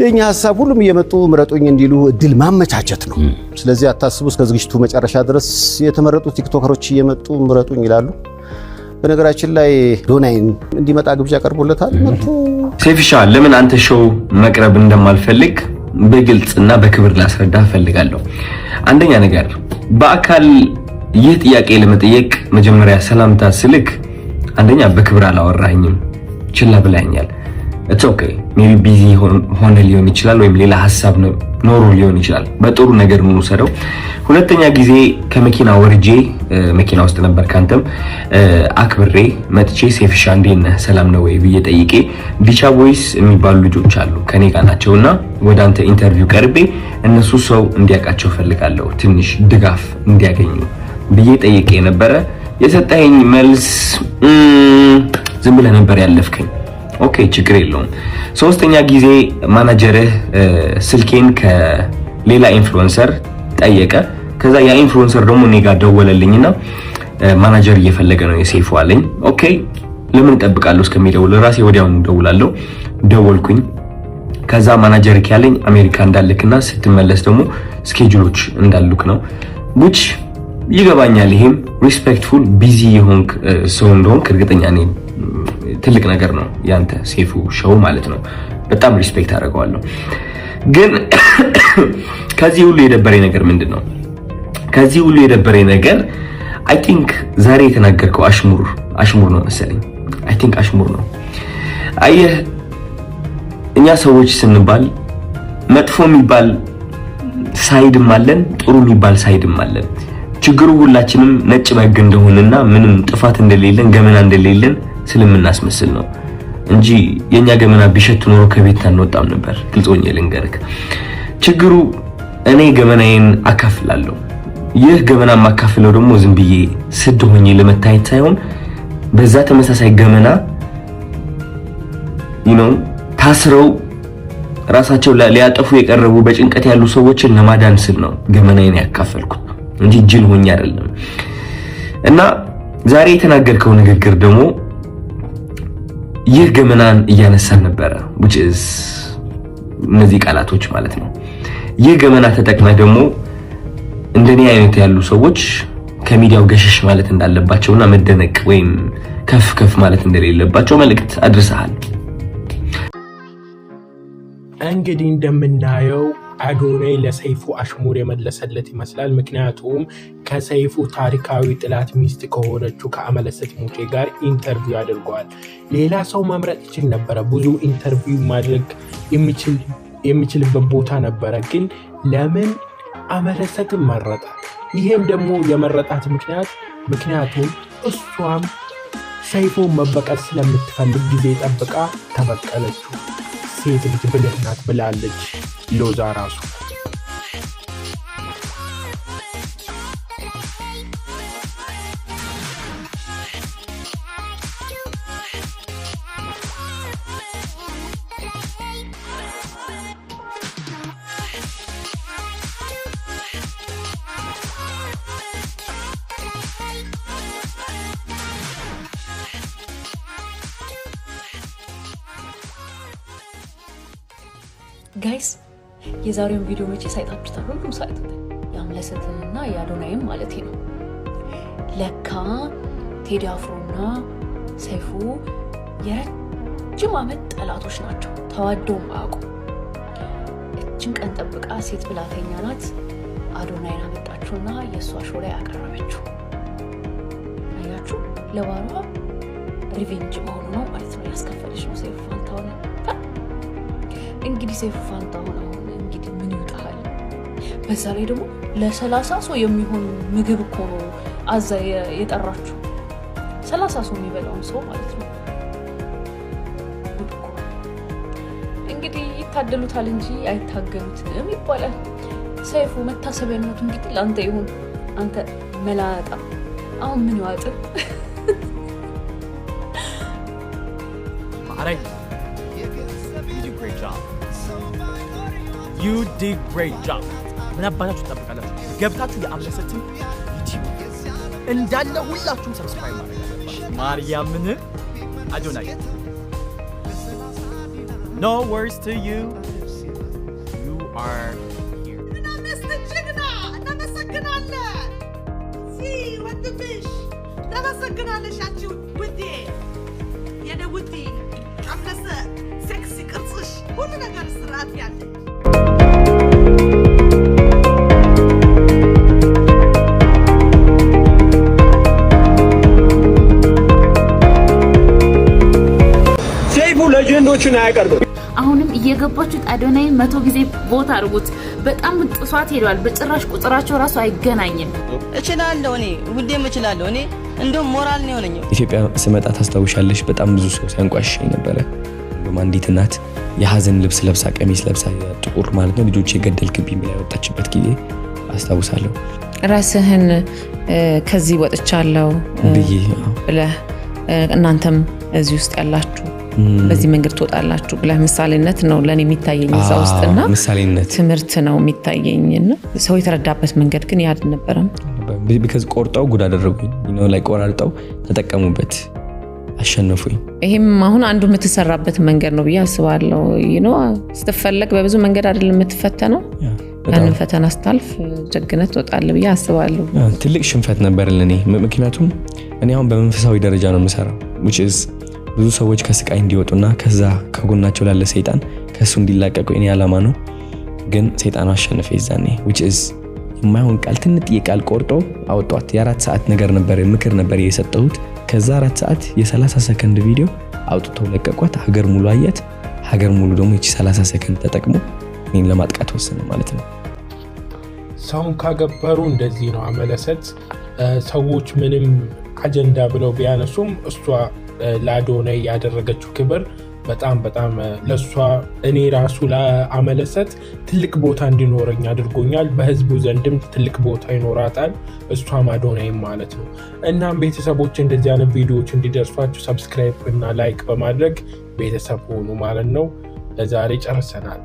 የእኛ ሀሳብ ሁሉም እየመጡ ምረጡኝ እንዲሉ እድል ማመቻቸት ነው። ስለዚህ አታስቡ፣ እስከ ዝግጅቱ መጨረሻ ድረስ የተመረጡ ቲክቶከሮች እየመጡ ምረጡኝ ይላሉ። በነገራችን ላይ ዶናይን እንዲመጣ ግብዣ ቀርቦለታል። መጡ። ሴፍሻ ለምን አንተ ሾው መቅረብ እንደማልፈልግ በግልጽና በክብር ላስረዳ እፈልጋለሁ። አንደኛ ነገር በአካል ይህ ጥያቄ ለመጠየቅ መጀመሪያ ሰላምታ ስልክ፣ አንደኛ በክብር አላወራኝም፣ ችላ ብላኛል። ኦኬ ሜቢ ቢዚ ሆነ ሊሆን ይችላል፣ ወይም ሌላ ሀሳብ ኖሮ ሊሆን ይችላል። በጥሩ ነገር ምን ሁለተኛ ጊዜ ከመኪና ወርጄ መኪና ውስጥ ነበር፣ ካንተም አክብሬ መጥቼ ሴፍሻ እንዴት ነህ ሰላም ነው ወይ ብዬ ጠይቄ ዲቻ ቦይስ የሚባሉ ልጆች አሉ ከኔ ጋር ናቸው እና ወደ አንተ ኢንተርቪው ቀርቤ እነሱ ሰው እንዲያውቃቸው ፈልጋለሁ ትንሽ ድጋፍ እንዲያገኙ ብዬ ጠይቄ ነበረ። የሰጠኸኝ መልስ ዝም ብለህ ነበር ያለፍከኝ። ኦኬ፣ ችግር የለውም። ሶስተኛ ጊዜ ማናጀርህ ስልኬን ከሌላ ኢንፍሉዌንሰር ጠየቀ። ከዛ ያ ኢንፍሉዌንሰር ደግሞ እኔ ጋር ደወለልኝና ማናጀር እየፈለገ ነው የሴፉ አለኝ። ኦኬ፣ ለምን እጠብቃለሁ እስከሚደውል ራሴ ወዲያውኑ እደውላለሁ። ደወልኩኝ። ከዛ ማናጀር ያለኝ አሜሪካ እንዳልክና ስትመለስ ደግሞ ስኬጁሎች እንዳሉክ ነው ዊች ይገባኛል። ይሄም ሪስፔክትፉል ቢዚ የሆንክ ሰው እንደሆንክ እርግጠኛ ነኝ። ትልቅ ነገር ነው ያንተ ሴፉ ሾው ማለት ነው። በጣም ሪስፔክት አደርገዋለሁ። ግን ከዚህ ሁሉ የደበረኝ ነገር ምንድን ነው? ከዚህ ሁሉ የደበረኝ ነገር አይ ቲንክ ዛሬ የተናገርከው አሽሙር አሽሙር ነው መሰለኝ። አይ ቲንክ አሽሙር ነው። አየህ እኛ ሰዎች ስንባል መጥፎ የሚባል ሳይድም አለን፣ ጥሩ የሚባል ሳይድም አለን። ችግሩ ሁላችንም ነጭ በግ እንደሆንና ምንም ጥፋት እንደሌለን ገመና እንደሌለን ስለምናስመስል ነው እንጂ የኛ ገመና ቢሸት ኖሮ ከቤት አንወጣም ነበር። ግልጽ ሆኜ ልንገርክ፣ ችግሩ እኔ ገመናዬን አካፍላለሁ። ይህ ገመና የማካፍለው ደግሞ ዝም ብዬ ስድ ሆኜ ለመታየት ሳይሆን በዛ ተመሳሳይ ገመና ነው ታስረው ራሳቸው ሊያጠፉ የቀረቡ በጭንቀት ያሉ ሰዎችን ለማዳን ስል ነው ገመናዬን ያካፈልኩት እንጂ ጅል ሆኜ አይደለም። እና ዛሬ የተናገርከው ንግግር ደግሞ ይህ ገመናን እያነሳን ነበረ። እነዚህ ቃላቶች ማለት ነው። ይህ ገመና ተጠቅመ ደግሞ እንደኔ አይነት ያሉ ሰዎች ከሚዲያው ገሸሽ ማለት እንዳለባቸውና መደነቅ ወይም ከፍ ከፍ ማለት እንደሌለባቸው መልእክት አድርሰሃል። እንግዲህ እንደምናየው አዶናይ ለሰይፉ አሽሙር የመለሰለት ይመስላል። ምክንያቱም ከሰይፉ ታሪካዊ ጥላት ሚስት ከሆነችው ከአመለሰት ሙቼ ጋር ኢንተርቪው አድርገዋል። ሌላ ሰው መምረጥ ይችል ነበረ። ብዙ ኢንተርቪው ማድረግ የሚችልበት ቦታ ነበረ። ግን ለምን አመለሰትን መረጣ? ይሄም ደግሞ የመረጣት ምክንያት ምክንያቱም እሷም ሰይፉን መበቀል ስለምትፈልግ ጊዜ ጠብቃ ተበቀለችው። ሴት ልጅ ብልህ ናት ብላለች። los arazo. Guys, የዛሬውን ቪዲዮ መቼ ሳይጣችሁ ሁሉም ሳይቶታል። የአምለሰትንና የአዶናይም ማለት ነው። ለካ ቴዲ አፍሮና ሰይፉ የረጅም አመት ጠላቶች ናቸው። ተዋደውም አያውቁም። እችን ቀን ጠብቃ ሴት ብላተኛ ናት አዶናይን አመጣችሁና የእሷ ሾው ላይ አቀረበችው። አያችሁ ለባሏ ሪቬንጅ መሆኑ ነው ማለት ነው። ያስከፈለች ነው ሴፉ ፋንታሁን እንግዲህ ሴፉ ፋንታሁን አሁን በዛ ላይ ደግሞ ለሰላሳ ሰው የሚሆን ምግብ እኮ ነው አዛ የጠራችሁ ሰላሳ ሰው የሚበላውን ሰው ማለት ነው። እንግዲህ ይታደሉታል እንጂ አይታገሉትም ይባላል። ሰይፉ መታሰቢያነቱ እንግዲህ ለአንተ ይሁን። አንተ መላጣ አሁን ምን ይዋጥም? You did great job. ምን አባታችሁ ትጠብቃላችሁ? ገብታችሁ የአምለሰትን ዩቲዩብ እንዳለ ሁላችሁም ሰብስክራይብ ማድረግ ማርያምን አዶናይ ኖ ወርስ ቱ ዩ ዩ አር ተመሰግናለሽ ውዴ የኔ ውዴ ቀምለሰ ሴክሲ ቅርጽሽ ሁሉ ነገር ስርዓት ያለ ሌሎቹን አያቀርብም። አሁንም እየገባችሁት አዶናይ መቶ ጊዜ ቦታ አድርጉት። በጣም ጥሷት ሄደዋል። በጭራሽ ቁጥራቸው ራሱ አይገናኝም። እችላለሁ እኔ ሁሌም እችላለሁ እኔ እንደውም ሞራል ነው የሆነኝ። ኢትዮጵያ ስመጣ ታስታውሻለሽ፣ በጣም ብዙ ሰው ሲያንቋሽሽ ነበረ። እንደውም አንዲት እናት የሀዘን ልብስ ለብሳ ቀሚስ ለብሳ ጥቁር ማለት ነው ልጆች የገደልክብኝ የሚል ያወጣችበት ጊዜ አስታውሳለሁ። ራስህን ከዚህ ወጥቻለሁ ብዬ ብለህ እናንተም እዚህ ውስጥ ያላችሁ በዚህ መንገድ ትወጣላችሁ ብለህ ምሳሌነት ነው ለእኔ የሚታየኝ እዛ ውስጥና ምሳሌነት ትምህርት ነው የሚታየኝና ሰው የተረዳበት መንገድ ግን ያ ነበረም። ቆርጠው ጉድ አደረጉኝ ላይ ቆራርጠው ተጠቀሙበት አሸነፉኝ። ይሄም አሁን አንዱ የምትሰራበት መንገድ ነው ብዬ አስባለሁ። ስትፈለግ በብዙ መንገድ አይደለም የምትፈተነው። ያንን ፈተና ስታልፍ ጀግነት ትወጣለህ ብዬ አስባለሁ። ትልቅ ሽንፈት ነበር ለእኔ፣ ምክንያቱም እኔ አሁን በመንፈሳዊ ደረጃ ነው የምሰራው ብዙ ሰዎች ከስቃይ እንዲወጡና ከዛ ከጎናቸው ላለ ሰይጣን ከእሱ እንዲላቀቁ እኔ ዓላማ ነው። ግን ሰይጣኑ አሸነፈ ይዛኔ which is የማይሆን ቃል ትንጥዬ ቃል ቆርጦ አወጧት። የአራት ሰዓት ነገር ነበር ምክር ነበር የሰጠሁት። ከዛ አራት ሰዓት የ30 ሰከንድ ቪዲዮ አውጥተው ለቀቋት። ሀገር ሙሉ አያት። ሀገር ሙሉ ደግሞ ይቺ 30 ሰከንድ ተጠቅሞ እኔን ለማጥቃት ወሰነ ማለት ነው። ሰውን ካገበሩ እንደዚህ ነው አመለሰት። ሰዎች ምንም አጀንዳ ብለው ቢያነሱም እሷ ለአዶናይ ያደረገችው ክብር በጣም በጣም ለእሷ እኔ ራሱ ለአመለሰት ትልቅ ቦታ እንዲኖረኝ አድርጎኛል። በህዝቡ ዘንድም ትልቅ ቦታ ይኖራታል እሷም አዶናይም ማለት ነው። እናም ቤተሰቦች እንደዚህ አይነት ቪዲዮዎች እንዲደርሷችሁ ሰብስክራይብ እና ላይክ በማድረግ ቤተሰብ ሆኑ ማለት ነው። ለዛሬ ጨርሰናል።